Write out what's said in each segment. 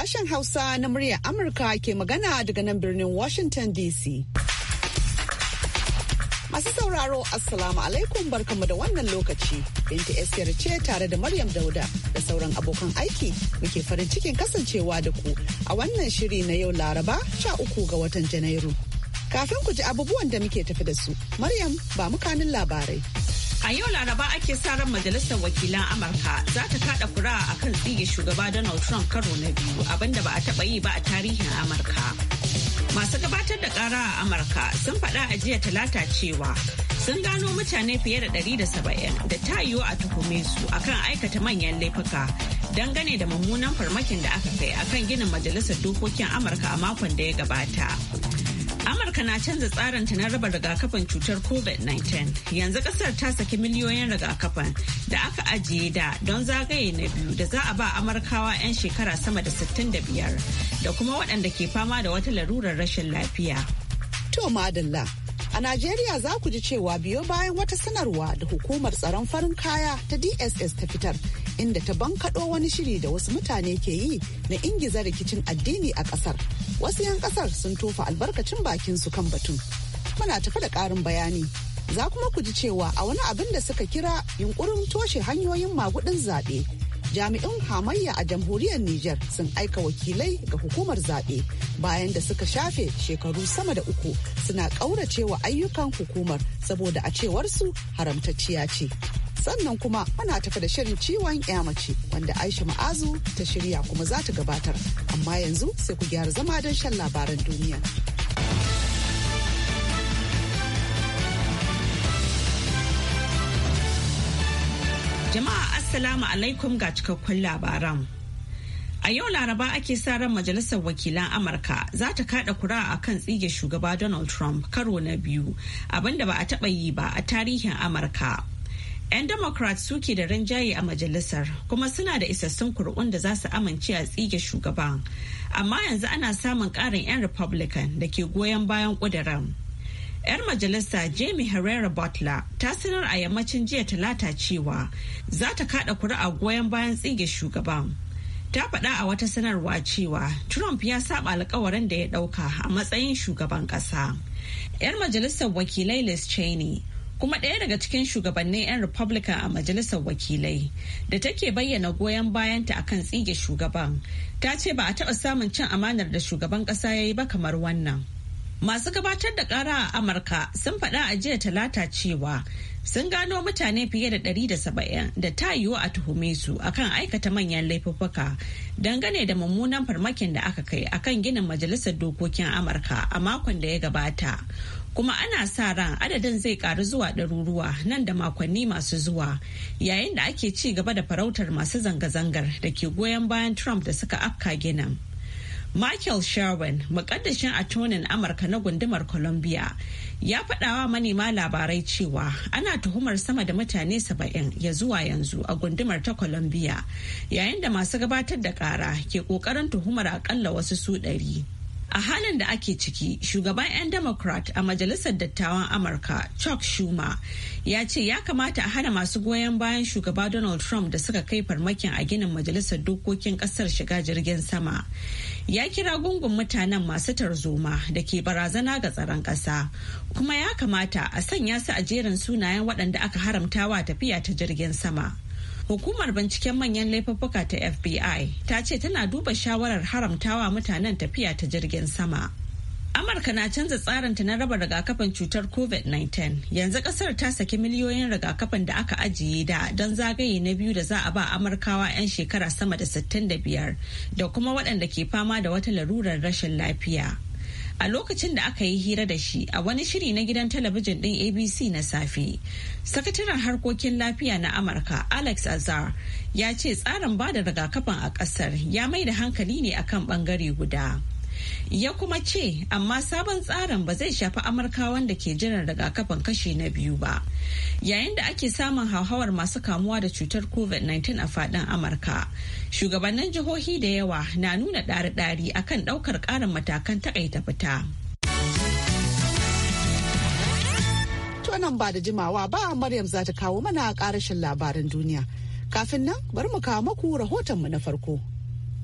sashen Hausa na muryar Amurka ke magana daga nan birnin Washington DC. Masu sauraro Assalamu alaikum barkamu da wannan lokaci. Binta Esther ce tare da Maryam Dauda da sauran abokan aiki muke farin cikin kasancewa da ku a wannan shiri na yau Laraba sha uku ga watan Janairu. Kafin ku ji abubuwan da muke tafi da su, Maryam ba mukanin labarai. A yau Laraba ake sa ran Majalisar Wakilan Amurka za ta kada kura a kan tsige shugaba Donald Trump karo na biyu abinda ba a taba yi ba a tarihin Amurka. Masu gabatar da kara a Amurka sun faɗa a jiya talata cewa sun gano mutane fiye da 170 da ta yiwu a tuhume su akan aikata manyan laifuka dangane da mummunan farmakin da aka kai akan ginin Majalisar Dokokin Amurka a makon da ya gabata. Amurka na canza tsarinta na raba rigakafin cutar COVID-19. Yanzu kasar ta saki miliyoyin rigakafin da aka ajiye da don zagaye na biyu da za a ba Amurkawa 'yan shekara sama da 65 da kuma waɗanda ke fama da wata larurar rashin lafiya. To madalla, a Najeriya za ku ji cewa biyo bayan wata sanarwa da hukumar tsaron farin kaya ta DSS ta fitar inda ta bankaɗo wani shiri da wasu mutane ke yi na ingiza rikicin addini a ƙasar. wasu 'yan kasar sun tofa albarkacin bakin su kan batun muna tafi da karin bayani za kuma ku ji cewa a wani abin da suka kira yunkurin toshe hanyoyin magudin zaɓe jami'in hamayya a jamhuriyar Niger sun aika wakilai ga hukumar zaɓe bayan da suka shafe shekaru sama da uku suna ƙauracewa ayyukan hukumar saboda a cewarsu haramtacciya ce. sannan kuma muna tafi da shirin ciwon mace wanda aisha ma'azu ta shirya kuma za ta gabatar amma yanzu sai ku gyara zama don shan labaran duniya jama'a assalamu alaikum ga cikakkun labaran A yau Laraba ake sa ran Majalisar Wakilan Amurka za ta kada kura a kan tsige shugaba Donald Trump karo na biyu abinda ba a taɓa yi ba a tarihin Amurka. 'Yan Democrat suke da rinjaye a majalisar kuma suna da isassun kur'un da za su amince a tsige shugaban. Amma yanzu ana samun ƙarin 'yan Republican da ke goyon bayan ƙuduran. 'Yar majalisa Jamie Herrera Butler ta sanar a yammacin jiya talata cewa za ta kada kuri'a goyon bayan tsige shugaban. ta faɗa a wata sanarwa cewa trump ya saba alkawarin da ya ɗauka a matsayin shugaban ƙasa. 'yar majalisar wakilai liz cheney kuma ɗaya daga cikin shugabannin 'yan republican a majalisar wakilai da take bayyana goyon bayanta a kan tsige shugaban ta ce ba a taɓa samun cin amanar da shugaban ƙasa ya yi ba kamar wannan masu gabatar da ƙara a amurka sun faɗa a jiya talata cewa sun gano mutane fiye da 170 da ta yiwu a tuhume su akan aikata manyan laifuffuka dangane da mummunan farmakin da aka kai akan ginin majalisar dokokin amurka a makon da ya gabata kuma ana sa ran adadin zai karu zuwa ɗaruruwa nan da makonni masu zuwa yayin da ake ci gaba da farautar masu zanga-zangar da ke goyon bayan trump da suka afka ginin michael sherwin Maƙaddashin atonin amurka na gundumar columbia ya faɗawa manema labarai cewa ana tuhumar sama da mutane saba'in ya zuwa yanzu a gundumar ta columbia yayin da masu gabatar da ƙara ke ƙoƙarin tuhumar akalla wasu su ɗari. A halin da ake ciki, shugaban 'yan Democrat a Majalisar Dattawan Amurka, Chuck Schumer, ya ce ya kamata a hana masu goyon bayan shugaba Donald Trump da suka kai farmakin a ginin Majalisar Dokokin Kasar shiga jirgin sama. Ya kira gungun mutanen masu tarzoma da ke barazana ga tsaron ƙasa, kuma ya kamata a sanya su a jerin sunayen waɗanda aka haramtawa tafiya ta jirgin sama. Hukumar binciken manyan laifuffuka ta FBI ta ce tana duba shawarar haramtawa mutanen tafiya ta jirgin sama. Amurka na canza tsarinta na raba rigakafin cutar COVID-19. Yanzu kasar ta saki miliyoyin rigakafin da aka ajiye da don zagaye na biyu da za a ba Amurkawa 'yan shekara sama da 65 da kuma waɗanda ke fama da wata larurar rashin lafiya. a lokacin da aka yi hira da shi a wani shiri na gidan talabijin ɗin abc na safe sakataren harkokin lafiya na amurka alex azar ya ce tsarin bada rigakafin a ƙasar ya mai da hankali ne akan ɓangare guda. ya kuma ce amma sabon tsarin ba zai shafi amurkawan da ke jiran rigakafin kashi na biyu ba yayin da ake samun hauhawar masu kamuwa da cutar covid-19 a fadin amurka shugabannin jihohi da yawa na nuna ɗari-ɗari akan ɗaukar ƙarin matakan taƙaita fita nan ba da jimawa ba Maryam za kawo mana ƙarashin labaran duniya. Kafin nan bari mu kawo maku rahotonmu na farko.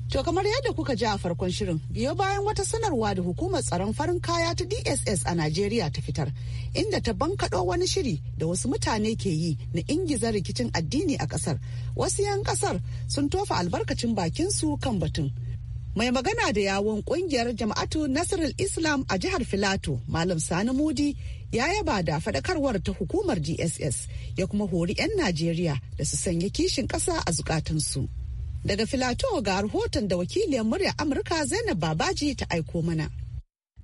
To kamar yadda kuka ji a farkon shirin biyo bayan wata sanarwa da hukumar tsaron farin kaya ta DSS a Najeriya ta fitar inda ta bankaɗo wani shiri da wasu mutane ke yi na ingiza rikicin addini a ƙasar. Wasu 'yan ƙasar sun tofa albarkacin bakin su kan batun. Mai magana da yawon ƙungiyar jama'atu Nasirul Islam a jihar Filato, Malam Sani Mudi ya yaba da faɗakarwar ta hukumar DSS ya kuma hori 'yan Najeriya da su sanya kishin ƙasa a zukatansu. Daga Filato ga rahoton da wakiliyar murya Amurka Zainab Babaji ta aiko mana.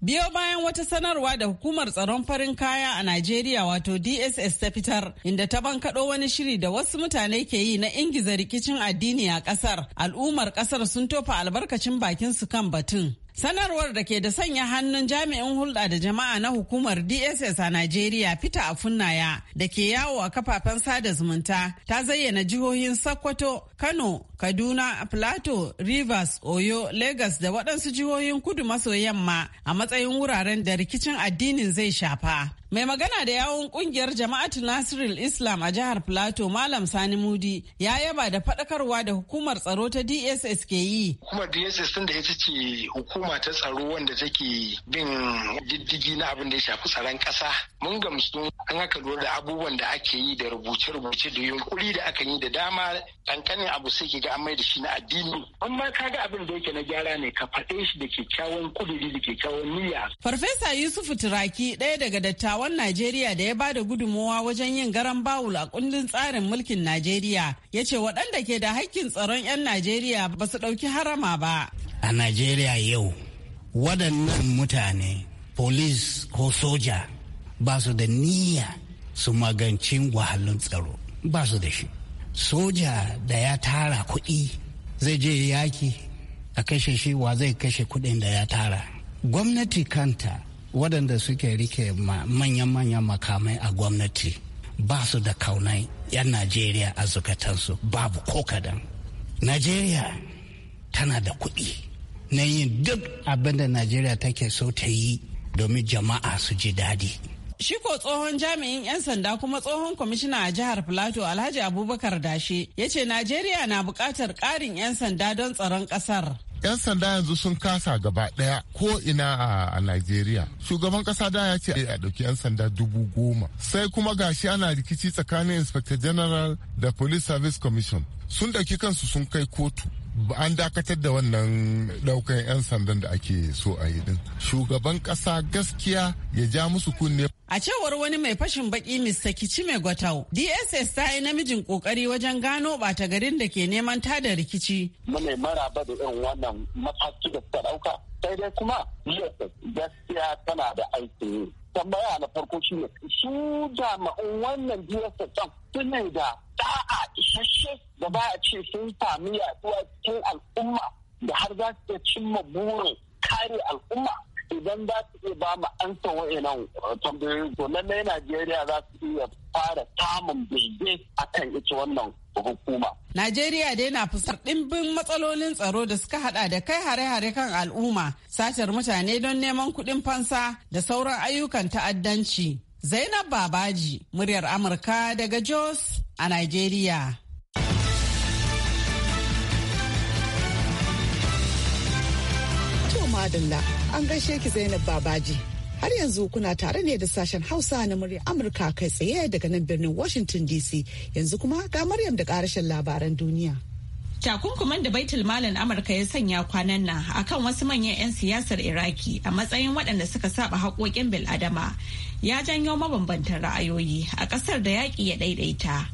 Biyo bayan wata sanarwa da hukumar tsaron farin kaya a Najeriya wato DSS ta fitar inda ta bankaɗo wani shiri da wasu mutane ke yi na ingiza rikicin addini a ƙasar, al'ummar ƙasar sun tofa albarkacin bakin su kan batun. Sanarwar da ke da sanya hannun jami'in hulɗa da jama'a na hukumar DSS a Najeriya fita a funnaya da ke yawo a kafafen sada zumunta ta zayyana jihohin Sokoto, Kano, Kaduna, Plateau, Rivers, Oyo, Lagos da waɗansu jihohin kudu maso yamma a matsayin wuraren da rikicin addinin zai shafa. Mai magana da yawon kungiyar jama'at Nasiril Islam a jihar Plateau Malam Sani Mudi ya yaba da faɗakarwa da hukumar tsaro ta DSS ke yi. Hukumar DSS tun da ita ce hukuma ta tsaro wanda take bin diddigi na abin da ya shafi tsaron ƙasa. Mun gamsu an haka lura da abubuwan da ake yi da rubuce-rubuce da yunkuri da akan yi da dama ɗanƙanin abu sai ki ga an mai da shi na addini amma ka ga abin da yake na gyara ne ka faɗe shi da kyakkyawan kuduri da kyakkyawan niyya. Farfesa Yusuf Turaki ɗaya daga dattawan Najeriya da ya bada gudummawa wajen yin garan bawul a kundin tsarin mulkin Najeriya ya ce waɗanda ke da haƙƙin tsaron 'yan Najeriya ba su ɗauki harama ba. A Najeriya yau waɗannan mutane polis ko soja ba su da niyya su maganci wahalun tsaro ba su da shi. soja da ya tara kuɗi zai je yaki a kashe shi wa zai kashe kuɗin da ya tara gwamnati kanta waɗanda suke rike manyan-manyan makamai a gwamnati ba su da kaunai 'yan najeriya a zukatansu babu ko kadan najeriya tana da kuɗi na yin duk abinda najeriya take so ta yi domin jama'a su ji daɗi Shi ko tsohon jami'in 'yan sanda kuma tsohon kwamishina a jihar Filato Alhaji Abubakar Dashe ya ce Najeriya na buƙatar ƙarin 'yan sanda don tsaron ƙasar. 'yan sanda yanzu sun kasa gaba ɗaya ko ina a Najeriya. Shugaban ƙasa da ya ce a dauki 'yan sanda dubu goma. Sai kuma gashi ana rikici tsakanin Inspector General da Police Service Commission. Sun ɗauki kansu sun kai kotu. an dakatar da wannan daukan 'yan sandan da ake so a yi din shugaban kasa gaskiya ya ja musu kunne a cewar wani mai fashin baki mr kichime gwatau dss ta yi namijin kokari wajen gano bata garin da ke neman da rikici mara ba da irin wannan mataki da suka dauka sai dai kuma gaskiya tana da aikin tambaya na farko shi ne su jami'an wannan ta suna da da'a isasshe da ba a ce sun sami yaduwa cikin al'umma da har za su cimma burin kare al'umma idan za su iya ba mu ansa wa'annan tambayoyin to lallai Najeriya za su iya fara samun bege a kan ita wannan hukuma. Najeriya dai na fusar ɗimbin matsalolin tsaro da suka hada da kai hare-hare kan al'umma, satar mutane don neman kuɗin fansa da sauran ayyukan ta'addanci. Zainab Babaji, muryar Amurka daga Jos a Najeriya. an gaishe ki Zainab Babaji. Har yanzu kuna tare ne da sashen Hausa na murya Amurka kai tsaye daga nan birnin Washington DC yanzu kuma ga Maryam da karashin labaran duniya. Takunkuman da baitul malin Amurka ya sanya kwanan nan akan wasu manyan 'yan siyasar Iraki a matsayin waɗanda suka saba haƙoƙin bil adama ya janyo mabambantan ra'ayoyi a ƙasar da yaƙi ya ɗaiɗaita.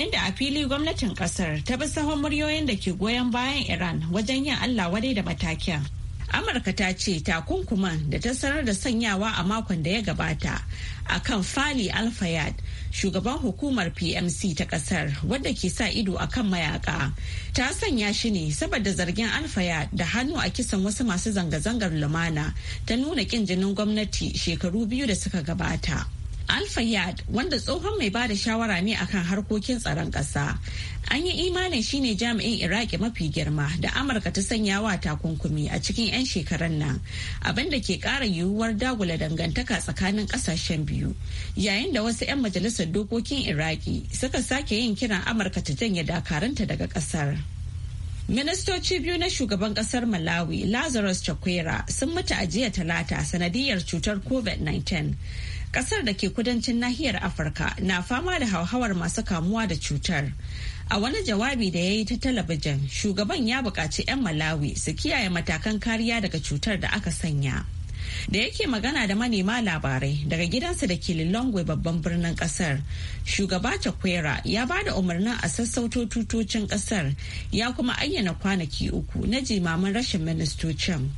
Inda a fili gwamnatin ƙasar ta bi sahon muryoyin da ke goyon bayan Iran wajen yin Allah wadai da matakin. amurka ta ce takunkuman da ta sanar da sanyawa a makon da ya gabata a kan fali alfayad shugaban hukumar pmc ta kasar wadda ke sa ido a kan mayaka ta sanya shi ne saboda zargin alfayad da hannu a kisan wasu masu zanga-zangar lumana ta nuna kin jinin gwamnati shekaru biyu da suka gabata. alfayad wanda tsohon mai bada shawara ne akan harkokin tsaron ƙasa. An yi imanin shine jami'in Iraki mafi girma da Amurka ta sanya wa takunkumi a cikin 'yan shekaran nan, abinda ke ƙara yiwuwar dagula dangantaka tsakanin ƙasashen biyu. Yayin da wasu 'yan majalisar dokokin Iraki suka sake yin kiran Amurka ta janye dakarunta daga ƙasar. Ministoci biyu na shugaban kasar Malawi Lazarus Chakwera sun mutu a jiya talata sanadiyar cutar COVID-19. Kasar da ke kudancin nahiyar Afirka na fama da hauhawar masu kamuwa da cutar. A wani jawabi da ya yi ta talabijin, shugaban ya buƙaci 'yan Malawi su kiyaye matakan kariya daga cutar da aka sanya. da yake magana da manema labarai daga gidansa da ke lilongwe babban birnin kasar shugaba chakwera ya ba da umarnin a sassauto tutocin kasar ya kuma ayyana kwanaki uku na jimamin rashin ministocin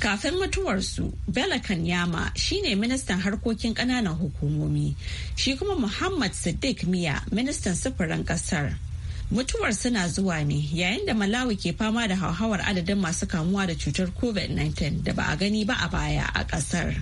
Kafin mutuwarsu, Bela Kanyama shi ne ministan harkokin ƙananan hukumomi, shi kuma Muhammad Sadiq Miya ministan sufurin kasar. Mutuwar suna zuwa ne yayin da Malawi ke fama da hauhawar adadin masu kamuwa da cutar COVID-19 da ba a gani ba a baya a kasar.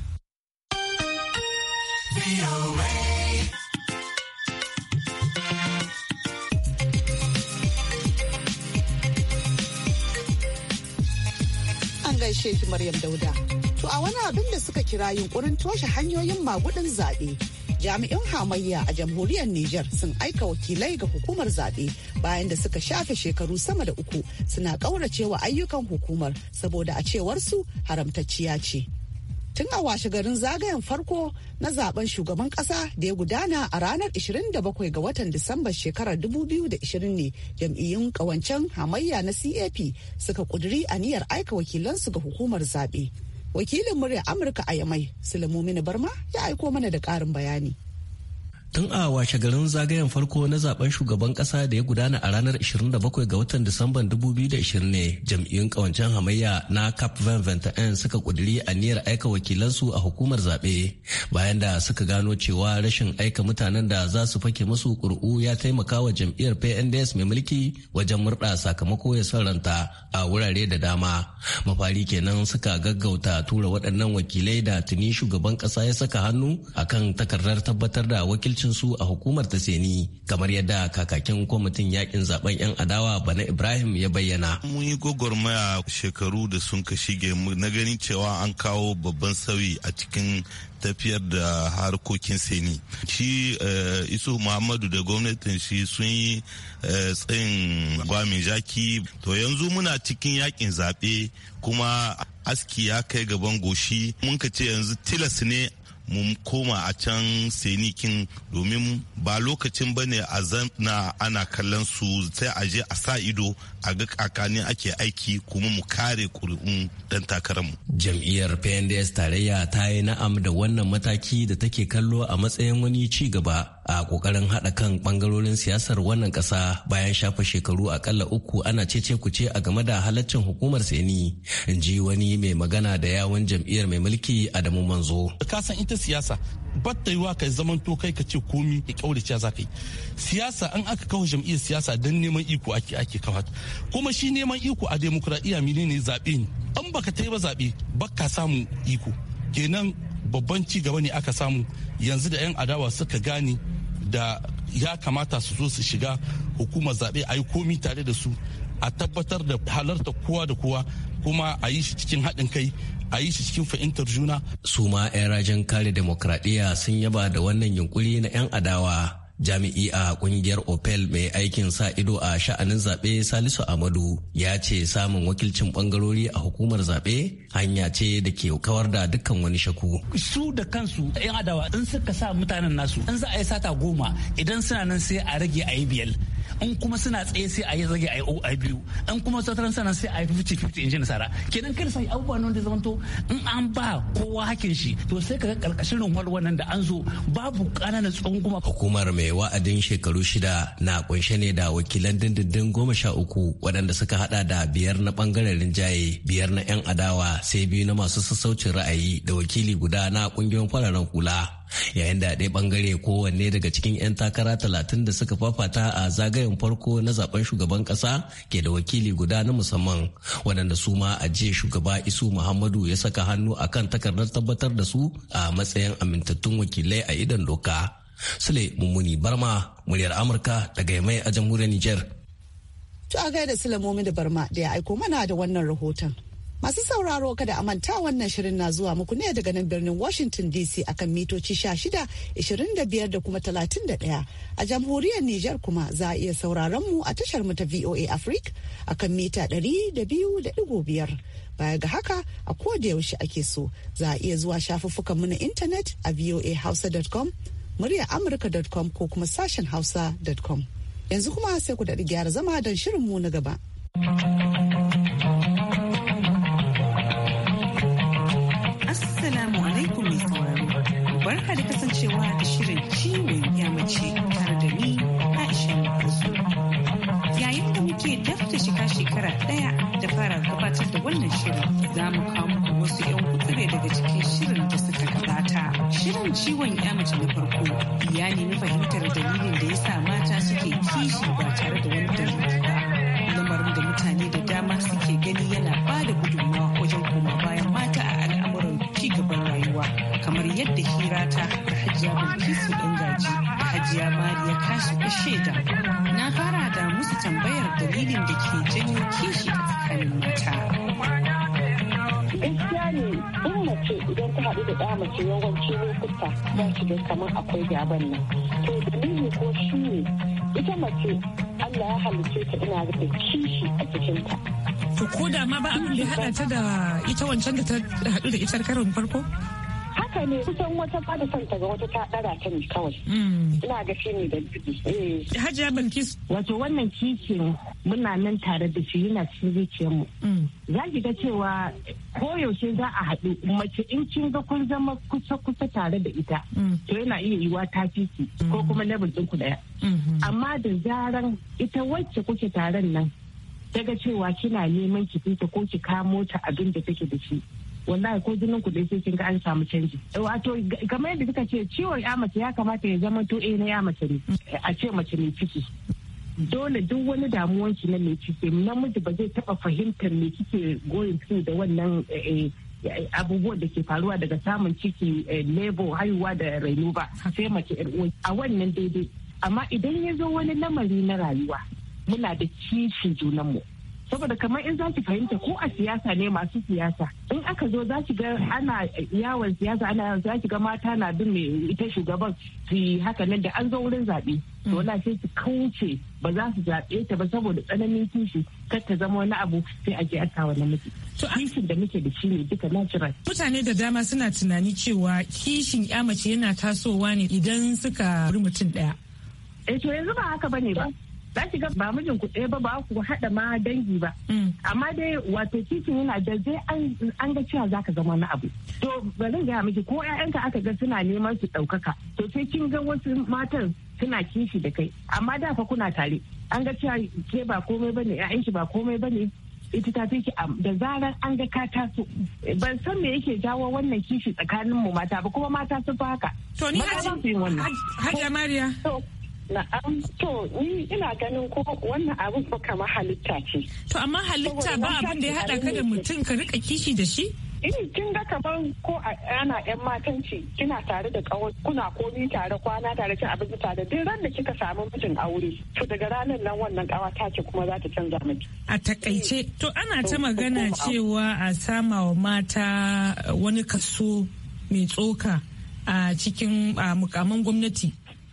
gaishe shi Maryam Dauda. To a wani abin da suka kira yunkurin toshe hanyoyin magudin zaɓe. Jami'in hamayya a jamhuriyar Nijar sun aika wakilai ga hukumar zaɓe bayan da suka shafe shekaru sama da uku suna ƙauracewa ayyukan hukumar saboda a cewar su haramtacciya ce. tun a washe garin zagayen farko na zaben shugaban kasa da ya gudana a ranar 27 ga watan Disamba shekarar 2020 ne jam'iyyun kawancen hamayya na CAP suka kuduri aniyar aika wakilansu ga hukumar zaɓe. Wakilin murya Amurka a Yamai, Sulemu Barma ya aiko mana da ƙarin bayani. tun a washe garin zagayen farko na zaben shugaban kasa da ya gudana a ranar 27 ga watan disamban 2020 ne jam'iyyun kawancen hamayya na cap 2021 suka kuduri niyyar aika wakilansu a hukumar zaɓe bayan da suka gano cewa rashin aika mutanen da za su fake masu ƙuri'u ya taimaka wa jam'iyyar pnds mai mulki wajen murɗa sakamako ya saranta a wurare da dama mafari kenan suka gaggauta tura waɗannan wakilai da tuni shugaban ƙasa ya saka hannu akan takardar tabbatar da wakil wakilcin su a hukumar ta seni kamar yadda kakakin kwamitin yakin zaben yan adawa bana ibrahim ya bayyana mun yi gwagwarmaya shekaru da sun ka shige na ganin cewa an kawo babban sauyi a cikin tafiyar da harkokin seni shi eh, isu muhammadu da gwamnatin shi sun yi eh, tsayin gwamin jaki to yanzu muna cikin yakin zaɓe kuma aski ya kai gaban goshi mun ka ce yanzu tilas ne mu koma a can senikin domin ba lokacin ba ne a zana ana kallon su sai a je a sa ido a ga kakanin ake aiki kuma mu kare ƙuri'un ɗan takararmu. jam'iyyar pnds tarayya ta yi na'am da wannan mataki da take kallo a matsayin wani ci gaba a kokarin haɗa kan bangarorin siyasar wannan kasa bayan shafa shekaru akalla uku ana cece kuce a game da halaccin hukumar seni in ji wani mai magana da yawon jam'iyyar mai mulki adamu manzo kasan ita siyasa batta yiwa ka zamanto kai ka ce komi ka kaurace za ka yi siyasa an aka kawo jam'iyyar siyasa don neman iko ake ake kawo kuma shi neman iko a mine ne zaɓe ne an baka ta yi ba zaɓe baka samu iko kenan babban ci gaba ne aka samu yanzu da 'yan adawa suka gane da ya kamata su zo su shiga hukumar zaɓe a yi komi tare da su a tabbatar da halarta kowa da kowa kuma a yi shi cikin haɗin kai a yi shi cikin fahimtar juna. su ma 'yan rajin kare demokradiyya sun yaba da wannan yunkuri na 'yan adawa Jami'i a kungiyar Opel mai aikin sa ido a sha'anin zaɓe Salisu Amadu ya ce samun wakilcin bangarori a hukumar zaɓe hanya ce da ke kawar da dukkan wani shaku. Su da kansu 'yan adawa in suka sa mutanen nasu in za a yi sata goma idan suna nan sai a rage a yi biyar. in kuma suna tsaye sai a yi zage a yi biyu in kuma sauran sanan sai a yi 50-50 in ji nasara kenan kada sai abubuwa nan da zamanto in an ba kowa hakin shi to sai ka ga karkashin walwal wannan da an zo babu ƙananan kuma. hukumar mai wa'adin shekaru shida na kunshe ne da wakilan dindindin goma sha uku waɗanda suka hada da biyar na ɓangaren rinjaye biyar na 'yan adawa sai biyu na masu sassaucin ra'ayi da wakili guda na ƙungiyoyin fararen kula yayin da ɗaya bangare kowanne daga cikin 'yan takara talatin da suka fafata a zagayen farko na zaben shugaban ƙasa ke da wakili guda na musamman waɗanda su ma a jiya shugaba isu muhammadu ya saka hannu a kan takardar tabbatar da su a matsayin amintattun wakilai a idan doka sule mummuni barma muryar amurka daga yamai a jamhuriyar niger to a gaida sule da barma da ya aiko mana da wannan rahoton Masu sauraro kada a manta wannan shirin na zuwa muku ne daga nan birnin Washington DC akan mitoci 16, 25 da kuma 31. A jamhuriyar Nijar kuma za a iya sauraron mu a tashar mu ta VOA Africa akan mita 200.5. Baya ga haka a koda yaushe ake so za a iya zuwa shafuffukan mu na intanet a voahausa.com, muryaamurka.com ko kuma sashen hausa.com. Yanzu kuma sai ku daɗi gyara zama don shirin mu na gaba. Barka da kasancewa da shirin ciwon yamace tare da ni Aisha Yayin da muke daf shiga shekara ɗaya da fara gabatar da wannan shirin za mu kawo muku wasu 'yan kutsure daga cikin shirin da suka gabata. Shirin ciwon yamace na farko ya nemi fahimtar dalilin da ya sa mata suke kishi ba tare da wani dalili ba. Lamarin da mutane da dama suke gani yana ba mata hajiya bilkisu ɗan gaji hajiya mariya kashi shaida na fara da musu tambayar dalilin da ke janyo kishi tsakanin mata gaskiya ne in mace idan ta haɗu da ɗa mace yawanci lokuta za ki ga kamar akwai gaban nan to dalili ko shi ne ita mace Allah ya halice ta ina da kishi a cikinta to ko da ma ba abin da haɗa ta da ita wancan da ta haɗu da ita karon farko ne kusan wata ba son ta wata ta dara ta ne kawai mm. ina ga ne da eh. hajiya wannan kicin muna nan tare da shi yana cikin zuciyar mu mm. za ki ga cewa koyaushe za a haɗu mace in kin ga kun zama kusa kusa tare da ita mm. to yana iya yiwa ta ko kuma level ɗin ku ɗaya mm-hmm. amma da zaran ita wacce kuke taron nan daga cewa kina neman ki fita ko ki kamo ta abin da take da shi wallahi ko jinin ku sai kin ga an samu canji wato kamar yadda kika ce ciwon ya mace ya kamata ya zama to eh ya mace ne a ce mace mai ciki dole duk wani damuwan ki na mai ciki namiji ba zai taba fahimtar me kike goyin through da wannan eh, eh, abubuwan da ke faruwa daga samun ciki eh, lebo haihuwa da raino ba sai mace a wannan daidai amma idan ya zo wani lamari na rayuwa muna da kishin junanmu saboda kamar in zaki fahimta ko a siyasa ne masu siyasa in aka zo za ga ana yawon siyasa ana za ki ga mata na bin mai ita shugaban su yi haka nan da an zo wurin zaɓe to na mm. sai su kauce ba za su zaɓe ta ba saboda tsananin kishi kar ta zama wani abu sai a je a wani miki kishin da muke da shi ne duka natural mutane da dama suna tunani cewa kishin ya mace yana tasowa ne idan suka mutum ɗaya. Eh to yanzu ba haka bane ba. za ki ga ba mijin ku ɗaya ba ba ku haɗa ma dangi ba mm. amma dai wato titin yana da zai an ga cewa za ka zama na abu to bari ga miji ko ƴaƴanka aka ga suna neman su ɗaukaka to sai kin ga wasu matan suna kishi da kai amma da fa kuna tare an ga cewa ke ba komai bane ƴaƴan ki ba komai bane ita ta fi da zarar an ga ka taso ban san me yake jawo wannan kishi tsakanin mu mata ba kuma mata sun fi haka to ni hajja mariya Na'am to ni ina ganin ko wannan abin ko kama halitta ce. To amma halitta ba da ya haɗa ka da mutum ka rika kishi da shi? in eh, kin ga kamar ko ana yan matanci kina tare da kawai kuna komi tare kwana tare cin abinci tare duk ran da kika samu mijin aure to daga ranar nan wannan kawa ta ce kuma za ta canza miki a takaice eh. to ana ta magana cewa a sama wa mata wani kaso mai tsoka a cikin mukamman gwamnati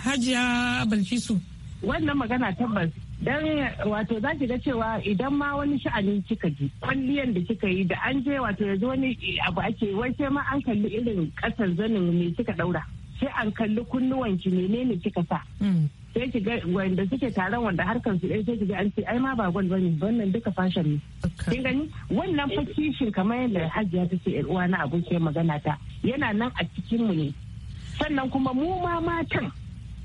Hajiya Balkisu. Wannan magana tabbas dan wato za ki ga cewa idan ma wani sha'ani kika ji kwalliyan da kika yi da an je wato yanzu wani abu ake wai sai ma an kalli irin kasar zanin me kika daura sai an kalli kunnuwan ki menene kika sa mm. sai ki ga wanda suke taron wanda harkar su sai ki ga an ce ai ma ba gwal bane wannan duka fashion ne kin gani wannan fa kamar yadda Hajiya ta ce uwa na abokiyar magana ta yana nan a cikin mu ne sannan kuma mu ma matan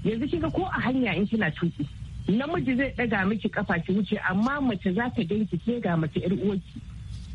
yanzu kika ko a hanya in kina tuki namiji zai daga miki kafa ki wuce amma mace za ta ganki ke ga mace yar uwarki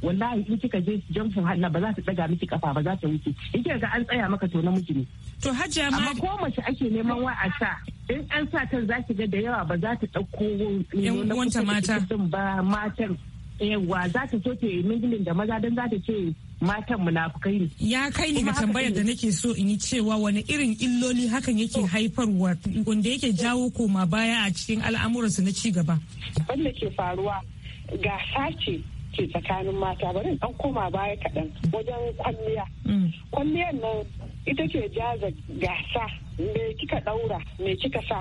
wallahi in kika je jamfin hanna ba za ta daga miki kafa ba za ta wuce in kika ga an tsaya maka to namiji ne to hajjia ma amma ko mace ake neman wa a sa in an sa ta za ki ga da yawa ba za ta dauko yan mata ba matan yawa za ta so ta yi mingilin da maza don za ta ce matan munafukai ne. Ya kai ni ga tambayar da nake so in yi cewa wani irin illoli hakan yake haifarwa wanda yake jawo koma baya a cikin al'amuransu na cigaba. Wanda ke faruwa ga sace ke tsakanin mata bari dan koma baya kaɗan wajen kwalliya. Mm. Kwalliyar nan ita ke jaza gasa me kika ɗaura me kika sa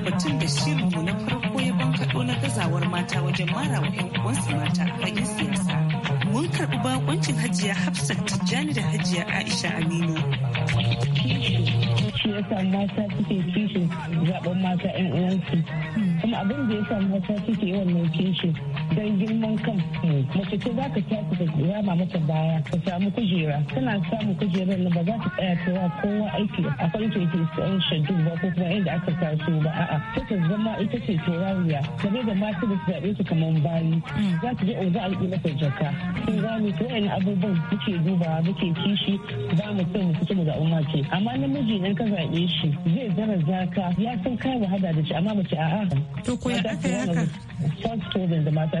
batun da mu na farko ya bankaɗo na gazawar mata wajen mara wa 'yan uwansu mata fagen siyasa. Mun karɓi bakoncin hajiya Hafsat Tijjani da hajiya Aisha Aminu. Shi yasa mata suke kishin zaɓen mata 'yan uwansu. Kuma abin da yasa mata suke yawan mai kishin don girman kan mace ce za ka tafi da rama mata baya ka samu kujera tana samu kujerar na ba za ta tsaya ta wa kowa aiki a farko ita tsayin shaddu ba ko kuma inda aka taso ba a'a ta ta zama ita ce tauraruwa game da mata da su zaɓe su kamar bayi mm. za ta je a za a jaka sun gane ta wani abubuwan muke dubawa muke kishi ba mu son mu fito mu umma ce amma namiji idan ka zaɓe shi zai zara zaka ya san kai wahada da shi amma mace a'a. To ko ya aka yi haka?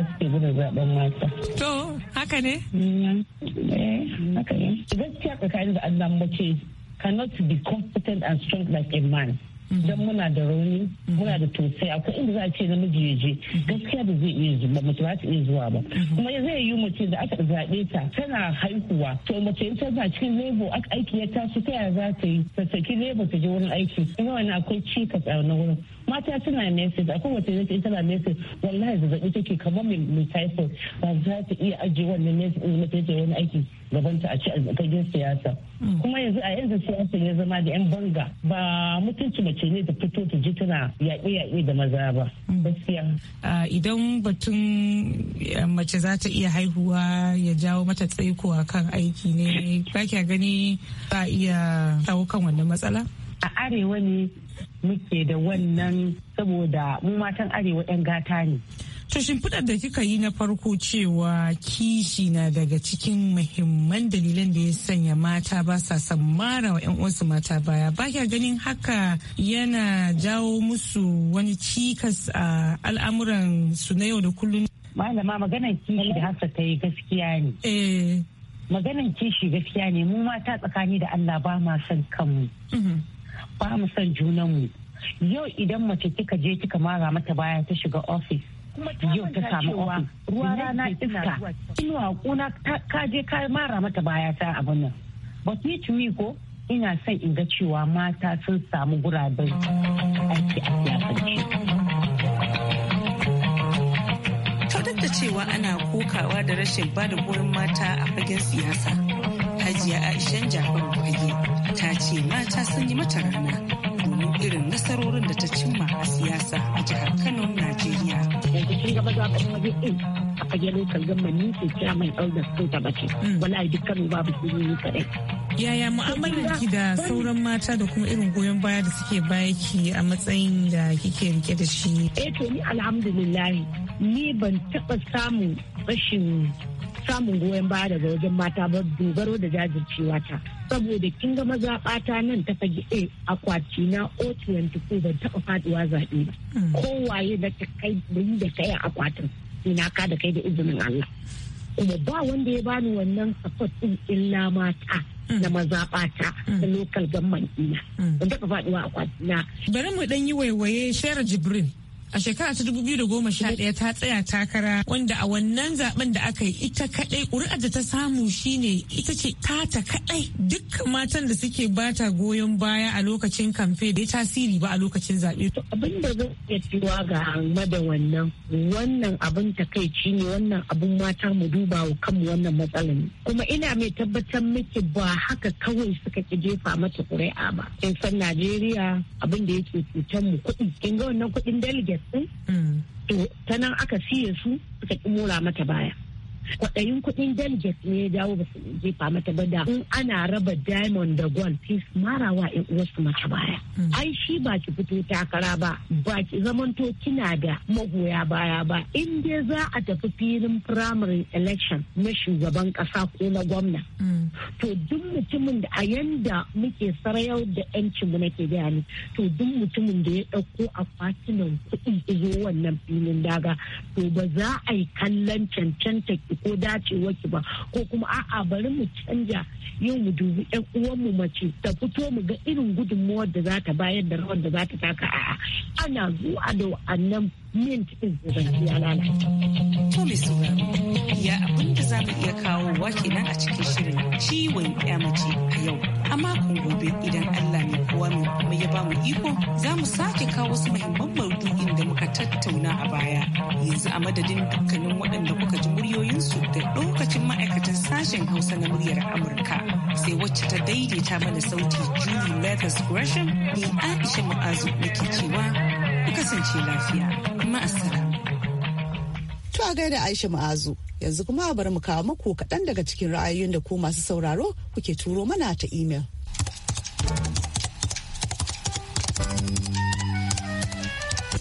matasa suke gudun zaben mata. To, haka ne? Mm, eh, haka ne. Gaskiya tsakanin da Allah mace cannot be competent and strong like a man. Mm-hmm. don muna da rauni mm-hmm. muna da tosai akwai inda za a ce namiji ya je mm-hmm. gaskiya da zai iya zuwa mace ba ta iya zuwa ba kuma zai yi mace da aka zaɓe ta tana haihuwa to mace in tana cikin lebo aka aiki ya taso ta yaya za ta yi ta saki lebo ta je wurin aiki kuma wani akwai cikas a na wurin mata suna mesis akwai wata da ita na mesis wallahi zazzaɓi take kamar mai typhoid ba za ta iya ajiye wannan mesis in mace ta wani aiki gabanta a ci siyasa mm. kuma yanzu a yanzu siyasa ya zama da yan banga ba mutunci mace ne ta fito ta ji tana yaƙe-yaƙe da maza ba mm. gaskiya idan batun eh, mace za ta iya haihuwa ya jawo mata tsaiko a kan aiki ne ba kya gani ba a iya kawo kan wannan matsala a arewa ne muke da wannan saboda mu matan arewa 'yan gata ne To shimfiɗar da kika yi na farko cewa kishi na daga cikin muhimman dalilan da ya sanya mata ba sa son mara wa 'yan uwansu mata baya. Ba kya ganin haka yana jawo musu wani cikas a al'amuran su na yau da kullum. Malama maganar kishi da hasa ta yi gaskiya ne. Eh. kishi gaskiya ne mu mata tsakani da Allah ba ma son kanmu. Mhm. Ba mu son junanmu. Yau idan mace kika je kika mara mata baya ta shiga ofis. yau ta samu ofis ruwa rana iska inuwa kuna ka je ka mara mata baya ta abin nan but ni to me ko ina son in ga cewa mata sun samu guraben aiki a siyasance da cewa ana kokawa da rashin bada gurin mata a fagen siyasa hajiya aishan jafaru fage ta ce mata sun yi mata rana irin nasarorin da ta cimma a siyasa a jihar Kano, Najeriya. Yanzu sun gaba za ka ɗin a fagen lokal gama ke kira mai ɗaukar ko ta bace. a duk Kano babu su ni kaɗai. Yaya mu'amalar ki da sauran mata da kuma irin goyon baya da suke baya ki a matsayin da kike rike da shi? Eh to ni alhamdulillah ni ban taɓa samun rashin samun goyon baya daga wajen mata ba dogaro da jajircewa ta saboda kin ga maza bata nan ta fage a eh, akwati na o24 ban taba faduwa zaɓe ba mm. kowaye da ta kai da kai akwatin ina ka da kai da izinin Allah kuma ba wanda ya bani wannan support din illa mata mm. na mazaɓata da mm. lokal government ina Ban taɓa faɗuwa a kwatina. Bari mu ɗan yi waiwaye Shara jibril a shekara ta goma 2011 ta tsaya takara wanda a wannan zaben da aka yi ita kadai ƙuri'ar da ta samu shine ita ce tata kadai dukkan matan da suke bata goyon baya a lokacin kamfe da ya tasiri ba a lokacin zaɓe. abin da zan iya cewa ga hangma da wannan wannan abin takaici ne wannan abin mata mu duba wa kanmu wannan matsalan. kuma ina mai tabbatar miki ba haka kawai suka ki jefa mata ƙuri'a ba kin san Najeriya abin da yake cutar mu kuɗi kin ga wannan kuɗin delegate din mm. to ta nan aka siye su suka mura mata baya kwaɗayin kuɗin delegates ne ya dawo ba su jefa mata ba da ana raba diamond da gold sai marawa in uwarsu mata baya hmm. ai shi ba ki fito takara ba ba ki zamanto kina da magoya baya ba in dai za a tafi filin primary election na shugaban ƙasa ko na gwamna hmm. to duk mutumin da a yanda muke sarayau da mu nake gaya ne to duk mutumin da ya ɗauko fatinan kuɗi zo wannan filin daga to ba za a yi kallon cancanta ko dacewar ki ba ko kuma a'a bari mu canja yau mu dubi yan uwanmu mace ta fito mu ga irin gudunmuwar da za ta bayar da rawar da za ta taka a'a ana zuwa da wa'annan mint ɗin zance ya lalata. To mai sauraro, ya abin da za mu iya kawo wake nan a cikin shirin ciwon ya mace a yau. A makon gobe idan Allah mai kowa mai kuma ya ba mu iko, za mu sake kawo wasu muhimman maudu'in da muka tattauna a baya. Yanzu a madadin dukkanin waɗanda kuka ji muryoyinsu da lokacin ma'aikatan sashen Hausa na muryar Amurka. Sai wacce ta daidaita mana sauti Julie Leathers Gresham, ni Aisha Mu'azu nake cewa ku kasance lafiya. ma'asara. To a gaida Aisha Ma'azu yanzu kuma bari mu kawo muku kaɗan daga cikin ra'ayoyin da ku masu sauraro kuke turo mana ta imel.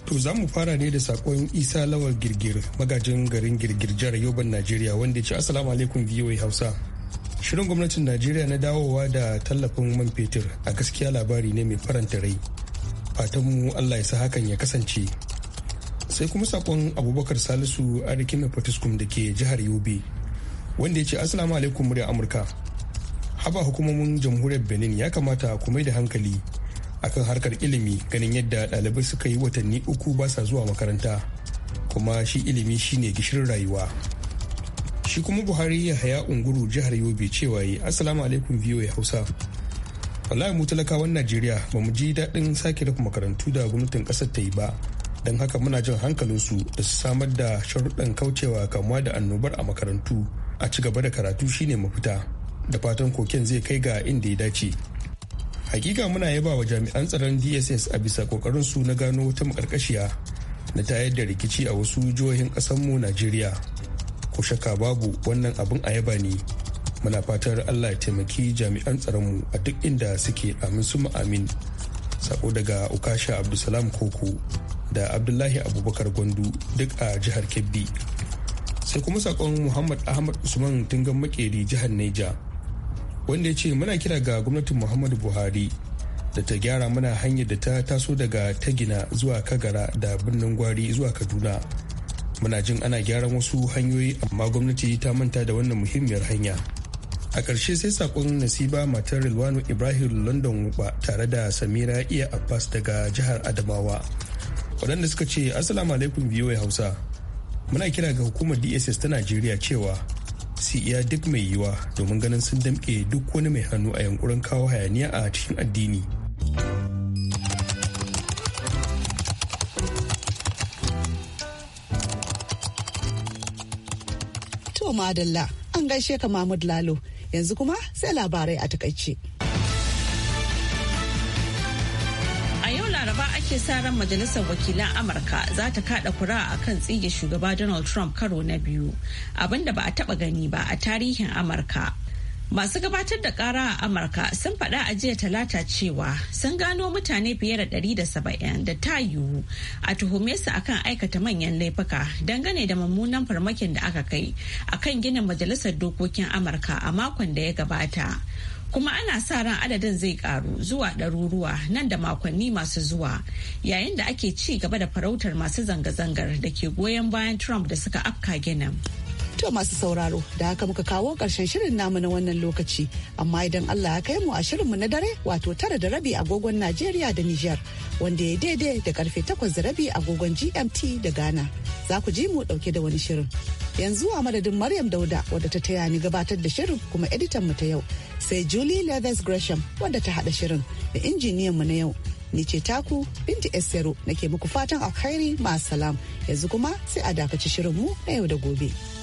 To za mu fara ne da sakon Isa Lawal Girgir magajin garin Girgir jihar Yoban Najeriya wanda ya ce Assalamu alaikum VOA Hausa. Shirin gwamnatin Najeriya na dawowa da tallafin man fetur a gaskiya labari ne mai faranta rai. Fatanmu Allah ya sa hakan ya kasance. sai kuma sakon abubakar salisu a rikin fatiskum da ke jihar yobe wanda ya ce asalamu alaikum murya amurka haba hukumomin jamhuriyar benin ya kamata ku mai da hankali akan harkar ilimi ganin yadda ɗalibai suka yi watanni uku ba sa zuwa makaranta kuma shi ilimi shine gishirin rayuwa shi kuma buhari ya haya unguru jihar yobe cewa yi asalamu alaikum voa hausa wallahi mu talakawan najeriya ba mu ji daɗin sake rufe makarantu da gwamnatin ƙasar ta yi ba don haka muna jin hankalinsu da su samar da sharuɗan kaucewa kamuwa da annobar a makarantu a ci gaba da karatu shine mafita da fatan koken zai kai ga inda ya dace hakika muna yaba wa jami'an tsaron dss a bisa kokarin su na gano wata makarkashiya na tayar da rikici a wasu jihohin mu najeriya ko shaka babu wannan abin a yaba ne muna fatar allah ya taimaki jami'an tsaronmu a duk inda suke amin su amin sako daga ukasha abdulsalam koko da abdullahi abubakar gwandu duk a jihar kebbi sai kuma sakon muhammad ahmad usman tungan makeri jihar neja wanda ya ce muna kira ga gwamnatin muhammadu buhari da ta gyara mana hanyar da ta taso daga tagina zuwa kagara da birnin gwari zuwa kaduna muna jin ana gyaran wasu hanyoyi amma gwamnati ta manta da wannan muhimmiyar hanya a ƙarshe sai sakon nasiba matar rilwano ibrahim london Ba tare da samira iya abbas daga jihar adamawa waɗanda suka ce assalamu alaikum biyoyi hausa muna kira ga hukumar dss ta najeriya cewa su iya duk mai yiwa domin ganin sun damƙe duk wani mai hannu a yankunan kawo hayaniya a cikin addini to madalla an gaishe ka mahmud lalo yanzu kuma sai labarai a takaice. ake sa ran majalisar wakilan amurka za ta kada kura a kan tsige shugaba donald trump karo na biyu abinda ba a taba gani ba a tarihin amurka masu gabatar da kara a amurka sun faɗa a jiya talata cewa sun gano mutane fiye da 170 da ta yiwu a tuhume su akan aikata manyan laifuka dangane da mummunan farmakin da aka kai akan ginin majalisar dokokin amurka a makon da ya gabata kuma ana sa ran adadin zai karu zuwa ɗaruruwa nan da makonni masu zuwa yayin da ake ci gaba da farautar masu zanga-zangar da ke goyon bayan trump da suka afka ginin. To masu sauraro da haka muka kawo ƙarshen shirin namu na wannan lokaci amma idan Allah ya kai mu a shirinmu na dare wato tara da rabi agogon Najeriya da Nijar wanda ya daidai da karfe takwas da rabi agogon GMT da Ghana za ku ji mu dauke da wani shirin. Yanzu a madadin Maryam Dauda wadda ta taya ni gabatar da shirin kuma editan mu ta yau sai Julie Leathers Gresham wadda ta haɗa shirin da injiniyan mu na yau. Ni ce taku Binti Esero nake muku fatan alkhairi ma salam yanzu kuma sai a dakaci shirin mu na yau da gobe.